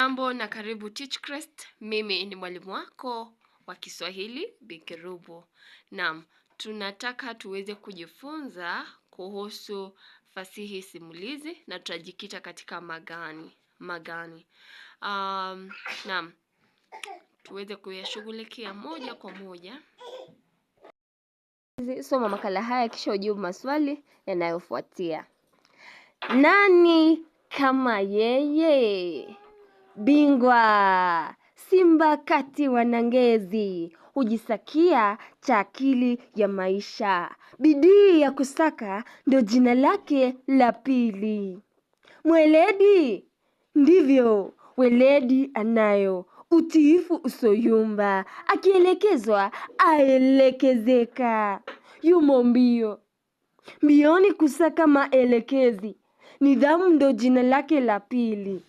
Jambo na karibu Teachkrest. Mimi ni mwalimu wako wa Kiswahili Bikirubu. Naam, tunataka tuweze kujifunza kuhusu fasihi simulizi na tutajikita katika magani. Magani. Um, naam, tuweze kuyashughulikia moja kwa moja. Soma makala haya kisha ujibu maswali yanayofuatia. Nani kama yeye? bingwa Simba kati wanangezi hujisakia cha akili ya maisha, bidii ya kusaka ndo jina lake la pili. Mweledi ndivyo weledi anayo, utiifu usoyumba, akielekezwa aelekezeka, yumo mbio mbioni kusaka maelekezi. Nidhamu ndo jina lake la pili.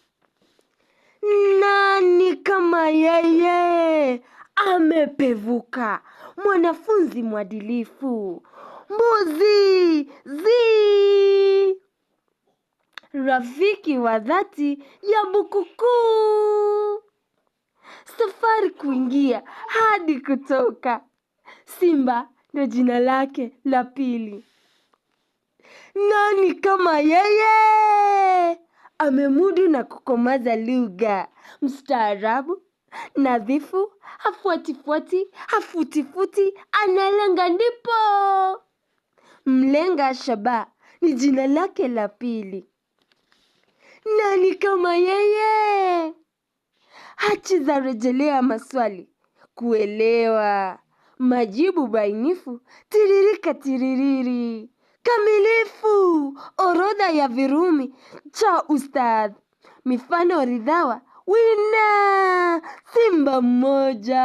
Nani kama yeye amepevuka, mwanafunzi mwadilifu. Mbuzi zi, rafiki wa dhati ya Bukukuu. Safari kuingia hadi kutoka, Simba ndo jina lake la pili. Nani kama yeye? amemudu na kukomaza lugha, mstaarabu nadhifu, hafuatifuati, hafutifuti, analenga ndipo. Mlenga Shaba ni jina lake la pili. Nani kama yeye? Hachi za rejelea maswali, kuelewa majibu bainifu, tiririka tiririri kikamilifu orodha ya virumi cha ustadh mifano ridhawa wina simba mmoja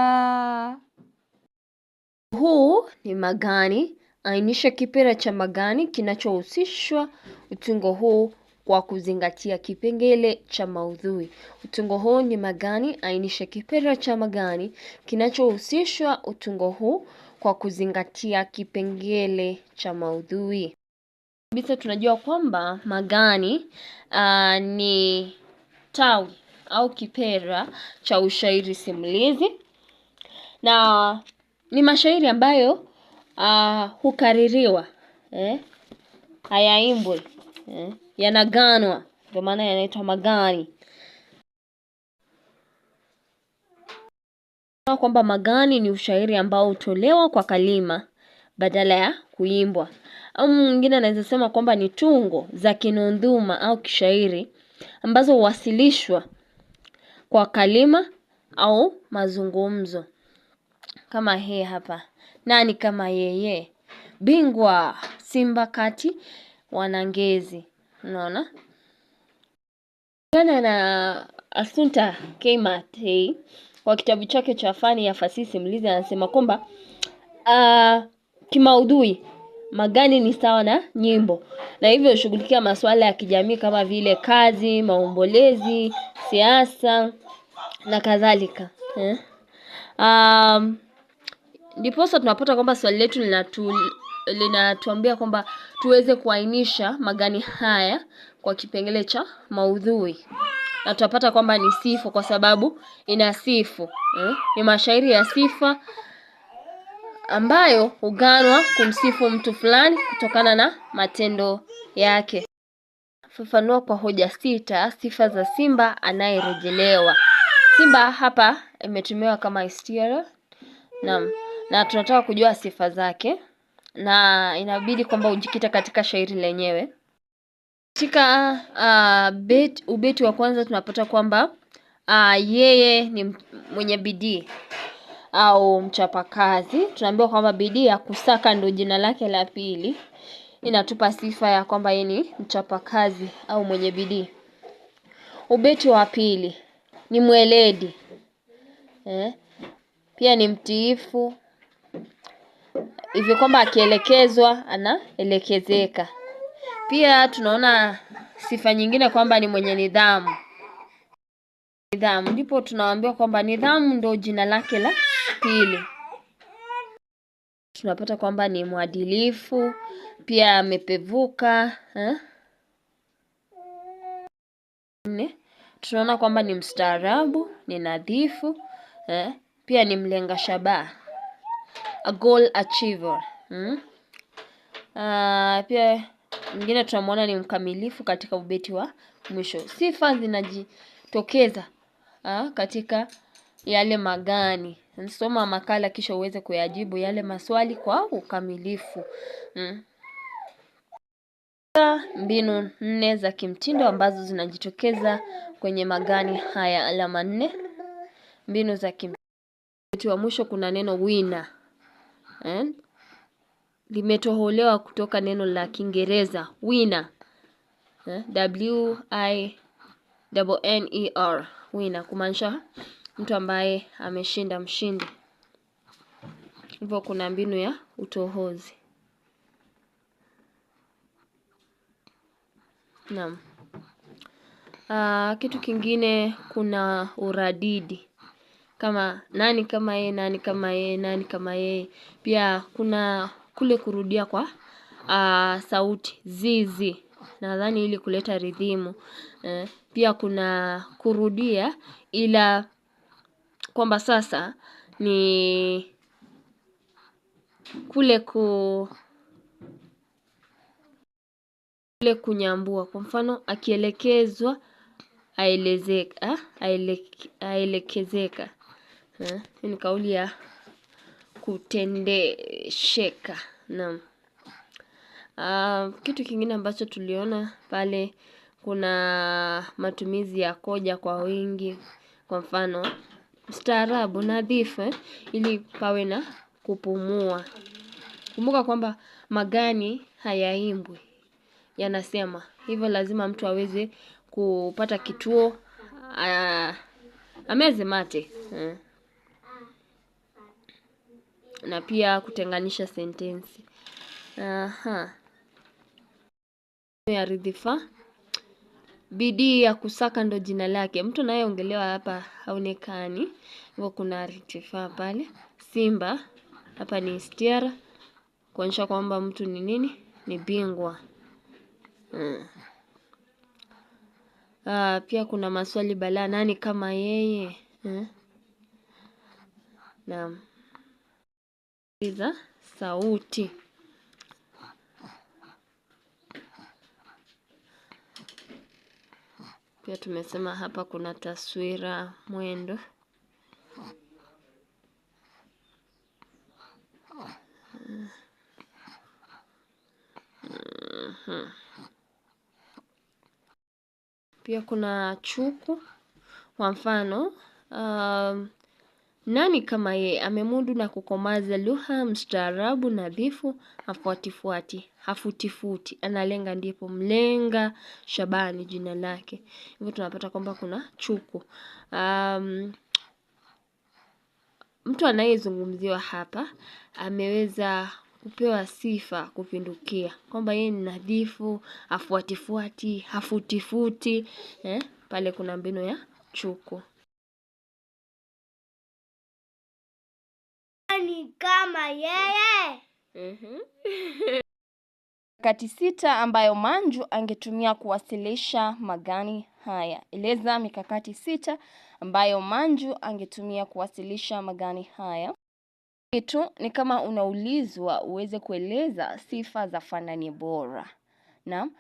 huu ni magani ainisha kipera cha magani kinachohusishwa utungo huu kwa kuzingatia kipengele cha maudhui. Utungo huu ni magani, ainisha kipera cha magani kinachohusishwa utungo huu kwa kuzingatia kipengele cha maudhui. Kabisa tunajua kwamba magani uh, ni tawi au kipera cha ushairi simulizi na ni mashairi ambayo uh, hukaririwa eh? hayaimbwi eh? yanaganwa, ndio maana yanaitwa magani. Kwamba magani ni ushairi ambao hutolewa kwa kalima badala ya kuimbwa. Au mwingine anaweza sema kwamba ni tungo za kinundhuma au kishairi ambazo huwasilishwa kwa kalima au mazungumzo. Kama hii hapa. Nani kama yeye? Bingwa simba kati wanangezi. Unaona? Kulingana na asunta K Matei kwa kitabu chake cha fani ya fasihi simulizi anasema kwamba uh, kimaudhui magani ni sawa na nyimbo na hivyo hushughulikia masuala ya kijamii kama vile kazi maombolezi siasa na kadhalika eh? um, ndiposa tunapata kwamba swali letu linatu, linatuambia kwamba tuweze kuainisha magani haya kwa kipengele cha maudhui na tutapata kwamba ni sifu kwa sababu ina sifu eh? Ni mashairi ya sifa ambayo huganwa kumsifu mtu fulani kutokana na matendo yake. Fafanua kwa hoja sita sifa za simba anayerejelewa. Simba hapa imetumiwa kama istiara, Naam, na tunataka kujua sifa zake na inabidi kwamba ujikita katika shairi lenyewe. Katika ah, ubeti wa kwanza tunapata kwamba ah, yeye ni mwenye bidii au mchapakazi. Tunaambiwa kwamba bidii ya kusaka ndio jina lake la pili. Inatupa sifa ya kwamba yeye ni mchapakazi au mwenye bidii. Ubeti wa pili ni mweledi eh, pia ni mtiifu hivyo kwamba akielekezwa anaelekezeka. Pia tunaona sifa nyingine kwamba ni mwenye nidhamu. Nidhamu ndipo tunaambiwa kwamba nidhamu ndio jina lake la pili. Tunapata kwamba ni mwadilifu, pia amepevuka eh? tunaona kwamba ni mstaarabu, ni nadhifu eh? Pia ni mlenga shabaha, a goal achiever hmm? Uh, pia mwingine tunamwona ni mkamilifu katika ubeti wa mwisho. Sifa zinajitokeza ha, ah, katika yale magani. Soma makala kisha uweze kuyajibu yale maswali kwa ukamilifu. hmm. Mbinu nne za kimtindo ambazo zinajitokeza kwenye magani haya, alama nne. Mbinu za kimtindo wa mwisho kuna neno wina. eh? Hmm limetoholewa kutoka neno la Kiingereza winner eh, w i n e r winner, kumaanisha mtu ambaye ameshinda, mshindi. Hivyo kuna mbinu ya utohozi. Naam. Ah, kitu kingine kuna uradidi kama nani kama yeye, nani kama yeye, nani kama yeye. Pia kuna kule kurudia kwa uh, sauti zizi nadhani ili kuleta ridhimu eh, pia kuna kurudia ila kwamba sasa ni kule ku kule kunyambua kwa mfano akielekezwa aelezeka ah, aeleke, aelekezeka eh, ni kauli ya kutendesheka. Naam. Ah, kitu kingine ambacho tuliona pale kuna matumizi ya koja kwa wingi kwa mfano mstaarabu nadhifu eh, ili pawe na kupumua. Kumbuka kwamba magani hayaimbwi yanasema. Hivyo lazima mtu aweze kupata kituo ah, ameze mate. Eh na pia kutenganisha sentensi. Aha. Ya ridhifa. Bidii ya kusaka ndo jina lake. Mtu anayeongelewa hapa haonekani. Hivyo kuna ridhifa pale. Simba hapa ni istiara kuonyesha kwamba mtu ni nini? Ni bingwa. Hmm. Ah, pia kuna maswali balaa, nani kama yeye? Hmm. Naam za sauti. Pia tumesema hapa kuna taswira mwendo. Pia kuna chuku kwa mfano um, nani kama yeye amemudu na kukomaza lugha mstaarabu nadhifu afuatifuati hafutifuti analenga ndipo mlenga Shabani jina lake. Hivyo tunapata kwamba kuna chuku. Um, mtu anayezungumziwa hapa ameweza kupewa sifa kupindukia kwamba yeye ni nadhifu, afuatifuati, hafutifuti eh? Pale kuna mbinu ya chuku. ni kama yeye. Mikakati mhm. sita ambayo Manju angetumia kuwasilisha magani haya. Eleza mikakati sita ambayo Manju angetumia kuwasilisha magani haya. Kitu ni kama unaulizwa uweze kueleza sifa za fanani bora. Naam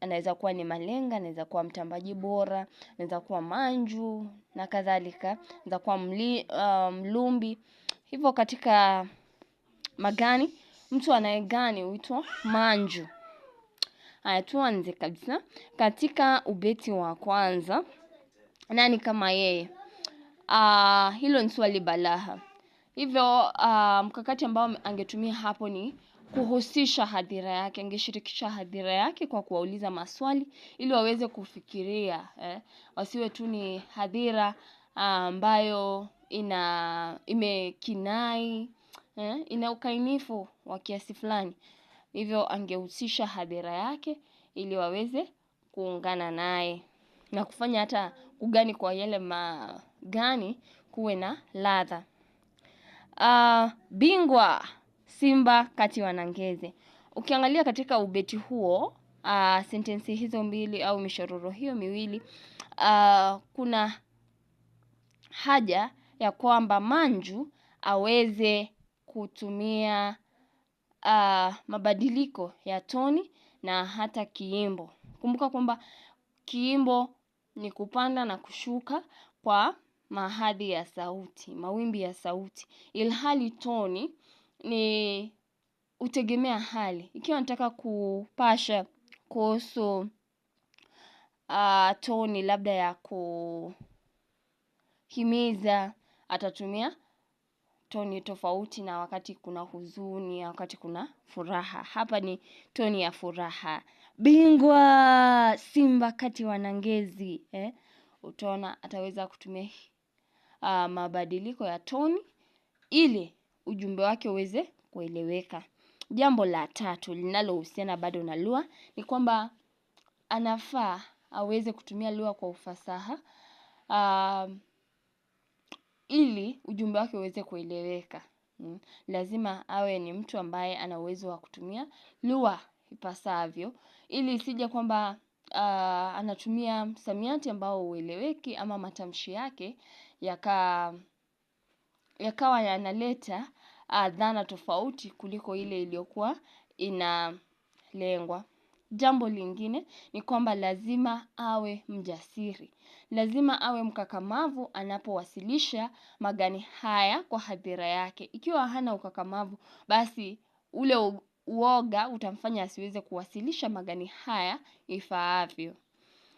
anaweza kuwa ni malenga, anaweza kuwa mtambaji bora, anaweza kuwa manju na kadhalika, anaweza kuwa mlumbi. Hivyo katika magani, mtu anayegani huitwa manju. Haya tuanze kabisa katika ubeti wa kwanza. Nani kama yeye? Uh, hilo ni swali balaha. Hivyo uh, mkakati ambao angetumia hapo ni kuhusisha hadhira yake, angeshirikisha hadhira yake kwa kuwauliza maswali ili waweze kufikiria eh, wasiwe tu ni hadhira ah, ambayo ina imekinai eh, ina ukainifu wa kiasi fulani. Hivyo angehusisha hadhira yake ili waweze kuungana naye na kufanya hata kugani kwa yale magani kuwe na ladha. Uh, bingwa Simba kati Wanangeze. Ukiangalia katika ubeti huo uh, sentensi hizo mbili au mishororo hiyo miwili uh, kuna haja ya kwamba Manju aweze kutumia uh, mabadiliko ya toni na hata kiimbo. Kumbuka kwamba kiimbo ni kupanda na kushuka kwa mahadhi ya sauti, mawimbi ya sauti, ilhali toni ni hutegemea hali. Ikiwa nataka kupasha kuhusu ah, toni labda ya kuhimiza atatumia toni tofauti na wakati kuna huzuni na wakati kuna furaha. Hapa ni toni ya furaha. Bingwa Simba kati wanangezi. Eh, utaona ataweza kutumia ah, mabadiliko ya toni ili ujumbe wake uweze kueleweka. Jambo la tatu linalohusiana bado na lugha ni kwamba anafaa aweze kutumia lugha kwa ufasaha ah, ili ujumbe wake uweze kueleweka. Hmm, lazima awe ni mtu ambaye ana uwezo wa kutumia lugha ipasavyo ili isije kwamba ah, anatumia msamiati ambao ueleweki ama matamshi yake yakawa yanaleta Ah, dhana tofauti kuliko ile ina inalengwa. Jambo lingine ni kwamba lazima awe mjasiri. Lazima awe mkakamavu anapowasilisha magani haya kwa hadhira yake. Ikiwa hana ukakamavu, basi ule uoga utamfanya asiweze kuwasilisha magani haya ifaavyo.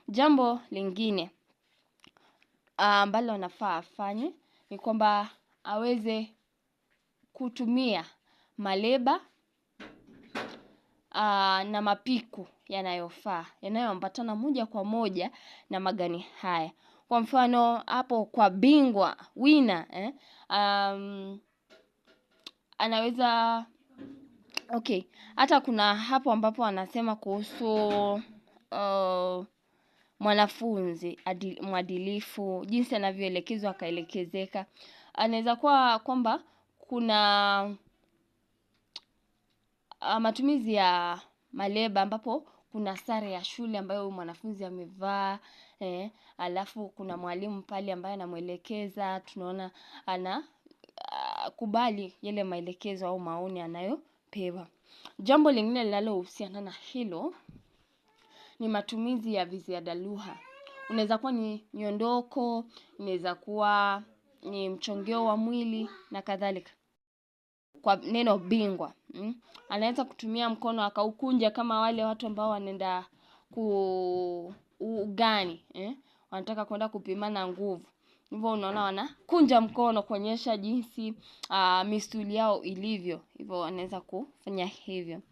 Jambo lingine ah, ambalo anafaa afanye ni kwamba aweze kutumia maleba ah, na mapiku yanayofaa yanayoambatana moja kwa moja na magani haya. Kwa mfano hapo kwa bingwa wina eh? Um, anaweza okay, hata kuna hapo ambapo anasema kuhusu uh, mwanafunzi adil, mwadilifu jinsi anavyoelekezwa akaelekezeka, anaweza kuwa kwamba kuna ah, matumizi ya maleba ambapo kuna sare ya shule ambayo mwanafunzi amevaa eh, alafu kuna mwalimu pale ambaye anamwelekeza tunaona anakubali ah, yale maelekezo au maoni anayopewa. Jambo lingine linalohusiana na hilo ni matumizi ya viziada lugha. Unaweza kuwa ni nyondoko inaweza kuwa ni mchongeo wa mwili na kadhalika kwa neno bingwa mm? Anaweza kutumia mkono akaukunja kama wale watu ambao wanaenda ku ugani eh? Wanataka kwenda kupimana nguvu hivyo unaona wanakunja mkono kuonyesha jinsi uh, misuli yao ilivyo. Hivyo wanaweza kufanya hivyo.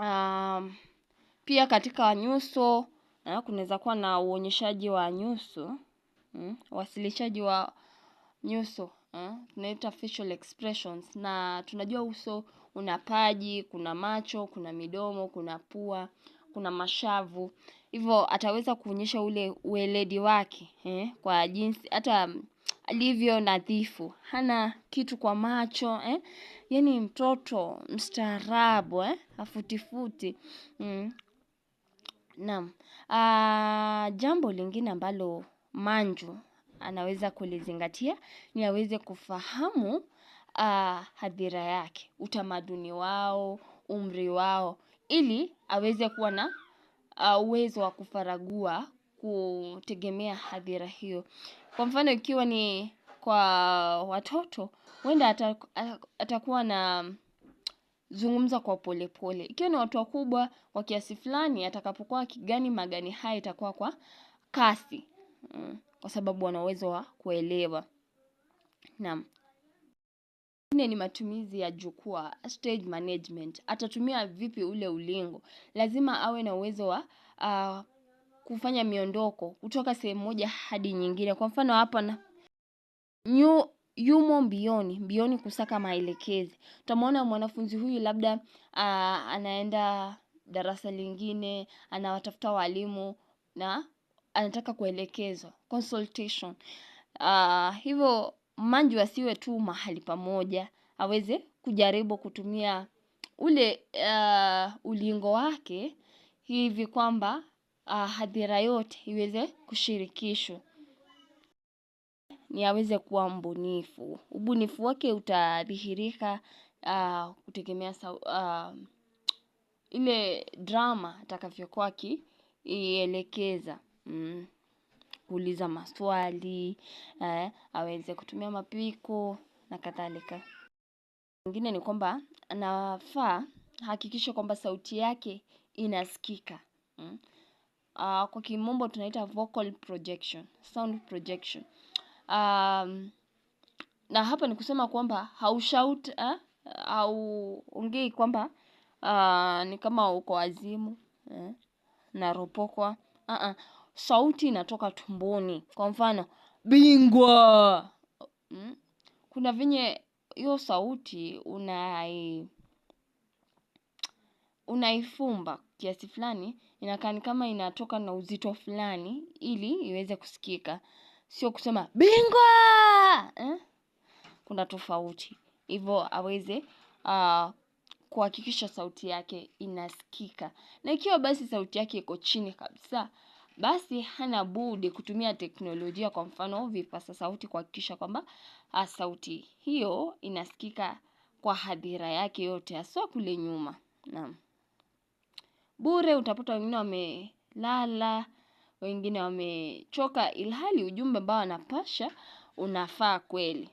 Um, pia katika nyuso uh, eh, kunaweza kuwa na uonyeshaji wa nyuso mm, wasilishaji wa nyuso Eh, tunaita facial expressions na tunajua uso una paji, kuna macho, kuna midomo, kuna pua, kuna mashavu. Hivo ataweza kuonyesha ule ueledi wake eh, kwa jinsi hata alivyo nadhifu. Hana kitu kwa macho eh, yani mtoto mstaarabu mm. Naam ah, jambo lingine ambalo manju anaweza kulizingatia ni aweze kufahamu uh, hadhira yake, utamaduni wao, umri wao, ili aweze kuwa na uh, uwezo wa kufaragua kutegemea hadhira hiyo. Kwa mfano, ikiwa ni kwa watoto, huenda atakuwa na zungumza kwa polepole pole. Ikiwa ni watu wakubwa wa kiasi fulani, atakapokuwa kigani magani haya itakuwa kwa kasi. Mm, kwa sababu wana uwezo wa kuelewa. Naam. Nne ni matumizi ya jukwaa, stage management. Atatumia vipi ule ulingo? Lazima awe na uwezo wa uh, kufanya miondoko kutoka sehemu moja hadi nyingine. Kwa mfano hapa na nyu, yumo mbioni, mbioni kusaka maelekezi. utamwona mwanafunzi huyu labda uh, anaenda darasa lingine, anawatafuta walimu na anataka kuelekezwa consultation. Uh, ah, hivyo Manju asiwe tu mahali pamoja, aweze kujaribu kutumia ule uh, ulingo wake hivi kwamba uh, hadhira yote iweze kushirikishwa ni aweze kuwa mbunifu. Ubunifu wake utadhihirika uh, kutegemea uh, ile drama atakavyokuwa akielekeza Mm. kuuliza maswali, eh, aweze kutumia mapiko na kadhalika. Ingine ni kwamba anafaa hakikishe kwamba sauti yake inasikika. Mm. Ah, kwa kimombo tunaita vocal projection, sound projection. Na hapa ni kusema kwamba haushauti, eh, hauongei kwamba ah, ni kama uko wazimu eh, na ropokwa. Ah, sauti inatoka tumboni. Kwa mfano bingwa, hmm? Kuna venye hiyo sauti unai unaifumba kiasi fulani, inakaa kama inatoka na uzito fulani ili iweze kusikika, sio kusema bingwa eh? Kuna tofauti hivyo aweze uh, kuhakikisha sauti yake inasikika, na ikiwa basi sauti yake iko chini kabisa basi hana budi kutumia teknolojia kwa mfano vipasa sauti kuhakikisha kwamba sauti hiyo inasikika kwa hadhira yake yote haswa kule nyuma naam. Bure utapata wengine wamelala, wengine wamechoka ilhali ujumbe ambao anapasha unafaa kweli.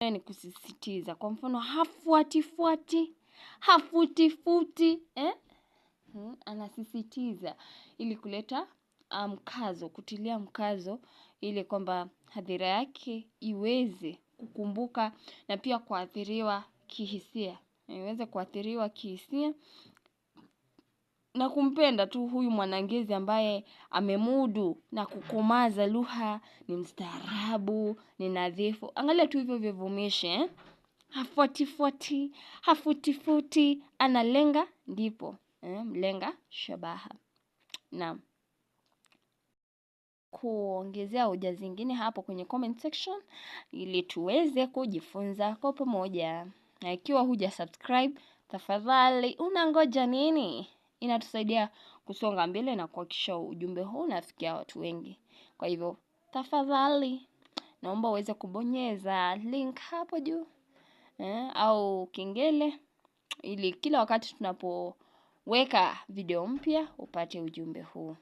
Ni kusisitiza kwa mfano hafuatifuati, hafutifuti. Eh? anasisitiza ili kuleta ah, mkazo, kutilia mkazo ile kwamba hadhira yake iweze kukumbuka na pia kuathiriwa kihisia. Iweze kuathiriwa kihisia na kumpenda tu huyu mwanangezi ambaye amemudu na kukomaza lugha ni mstaarabu, ni nadhifu. Angalia tu hivyo vivumishi eh? Hafuatifuati, hafutifuti, analenga ndipo. Eh, mlenga shabaha na kuongezea hoja zingine hapo kwenye comment section ili tuweze kujifunza kwa pamoja. Na ikiwa huja subscribe, tafadhali unangoja nini? Inatusaidia kusonga mbele na kuhakikisha ujumbe huu unafikia watu wengi. Kwa hivyo, tafadhali naomba uweze kubonyeza link hapo juu eh, au kengele ili kila wakati tunapo Weka video mpya upate ujumbe huu.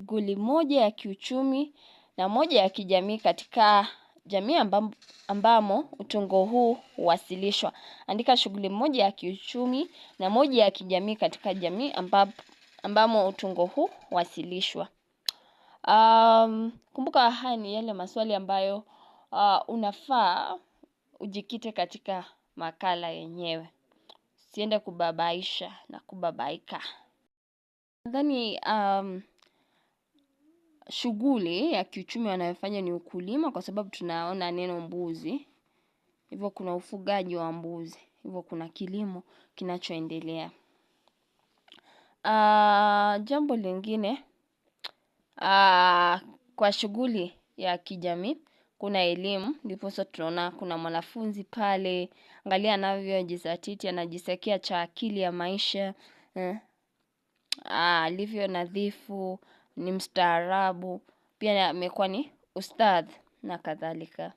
Shughuli moja ya kiuchumi na moja ya kijamii katika jamii ambamo, utungo huu huwasilishwa. Andika shughuli moja ya kiuchumi na moja ya kijamii katika jamii ambamo utungo huu huwasilishwa. Um, kumbuka haya ni yale maswali ambayo uh, unafaa ujikite katika makala yenyewe siende kubabaisha na kubabaika. Nadhani um, shughuli ya kiuchumi wanayofanya ni ukulima kwa sababu tunaona neno mbuzi. Hivyo kuna ufugaji wa mbuzi. Hivyo kuna kilimo kinachoendelea. Uh, jambo lingine uh, kwa shughuli ya kijamii kuna elimu ndiposa tunaona kuna mwanafunzi pale angalia anavyojizatiti anajisakia cha akili ya maisha eh. ah, alivyo nadhifu ni mstaarabu pia amekuwa ni ustadh na kadhalika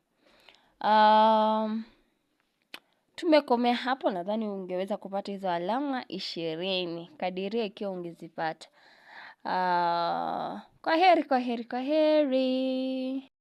um, tumekomea hapo nadhani ungeweza kupata hizo alama ishirini kadiria ikiwa ungezipata uh, ah, kwa heri kwa heri kwa heri